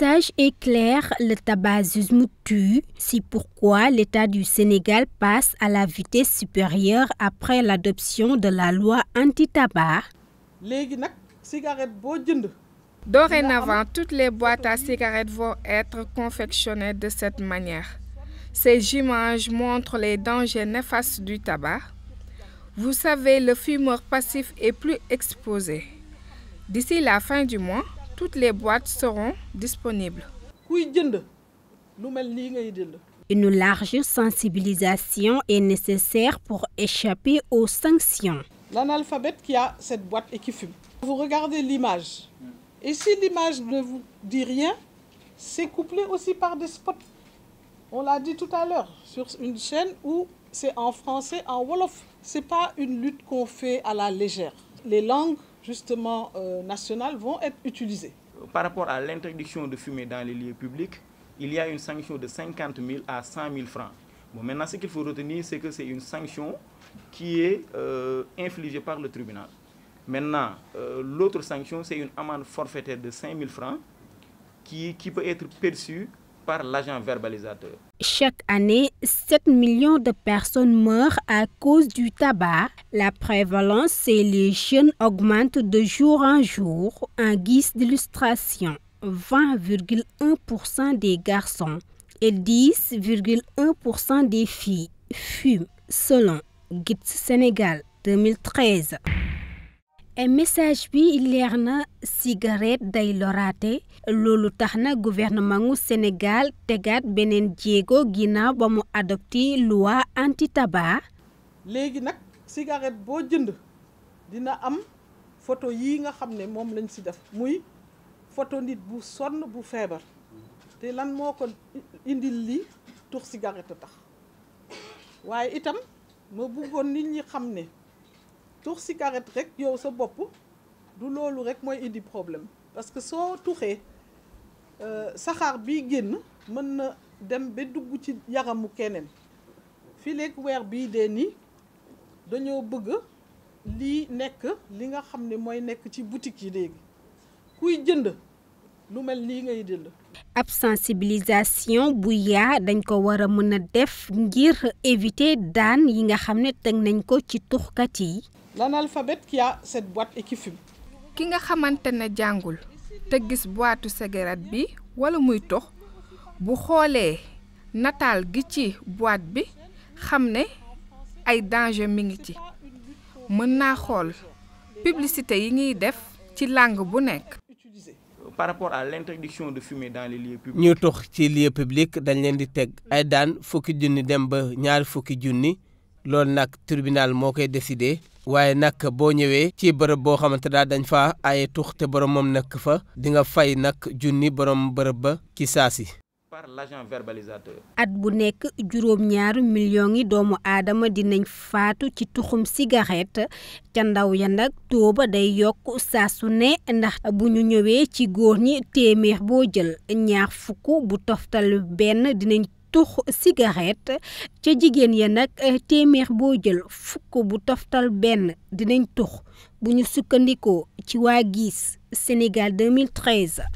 message est clair, le tabagisme tue. C'est pourquoi l'État du Sénégal passe à la vitesse supérieure après l'adoption de la loi anti-tabac. Dorénavant, toutes les boîtes à cigarettes vont être confectionnées de cette manière. Ces images montrent les dangers néfastes du tabac. Vous savez, le fumeur passif est plus exposé. D'ici la fin du mois, toutes les boîtes seront disponibles. Une large sensibilisation est nécessaire pour échapper aux sanctions. L'analphabète qui a cette boîte et qui fume. Vous regardez l'image. Et si l'image ne vous dit rien, c'est couplé aussi par des spots. On l'a dit tout à l'heure, sur une chaîne où c'est en français, en Wolof. Ce n'est pas une lutte qu'on fait à la légère. Les langues justement euh, nationales vont être utilisées. Par rapport à l'interdiction de fumer dans les lieux publics, il y a une sanction de 50 000 à 100 000 francs. Bon, maintenant, ce qu'il faut retenir, c'est que c'est une sanction qui est euh, infligée par le tribunal. Maintenant, euh, l'autre sanction, c'est une amende forfaitaire de 5 000 francs qui, qui peut être perçue par l'agent verbalisateur. Chaque année, 7 millions de personnes meurent à cause du tabac. La prévalence chez les jeunes augmente de jour en jour. En guise d'illustration, 20,1% des garçons et 10,1% des filles fument selon git Sénégal 2013. E message bi leer cigarette day lorate lolou taxna gouvernement Sénégal tegaat benen Diego ginnaaw ba mu adopté loi anti tabac. légui nak cigarette bo jënd dina am photo yi nga xamné mom lañ ci def muy photo nit bu sonn bu feebar te lan moko ko indil li tux cigarette tax waye itam ma bëggoon nit ñi xamné tux cigarette rek yow sa bop du lolou rek moy indi problème parce que so soo euh saxaar bi génn mën na dem be dugg ci yaramu kenen fi lek weer bi dee nii dañoo bëgg li nek li nga xamné moy nek ci boutique yi léegi kuy jënd lu mel lii ngay jënd. ab sensibilisation bu ya dañ ko war a mën a def ngir éviter daan yi nga xam ne teg nañ ko ci tuxkat yi l'analphabète qui a cette boîte et qui fume. ki nga xamante jangul te gis boitu cigarette bi wala muy tox bu xolé natal gi ci boîte bi xamné ay danger mi ngi ci mën naa xool publicité yi ngi def ci langue bu nek. par rapport à l'interdiction de fumer dans les lieux publics. ñu tox ci lieu public dañ leen di tegg ay daan fukki junni dem ba ñaar fukki junni loolu nak tribunal moo koy décidé. waaye nag boo ñëwee ci bërëb boo xamante daal dañ fa ay tux te borom moom nekk fa di nga fay nag junni borom bërëb ba ci saasi. par at bu nekk juróom-ñaari millions doomu aadama dinañ faatu ci tuxum cigarette ca ndaw ya nag tooba day yokk saa su ne ndax bu ñu ñëwee ci góor ñi téeméer boo jël ñaar fukk bu toftal benn dinañ tux cigarette ci jigéen ya nak eh, témèr bo jël fukk bu toftal ben dinañ tux buñu ci wa gis Sénégal 2013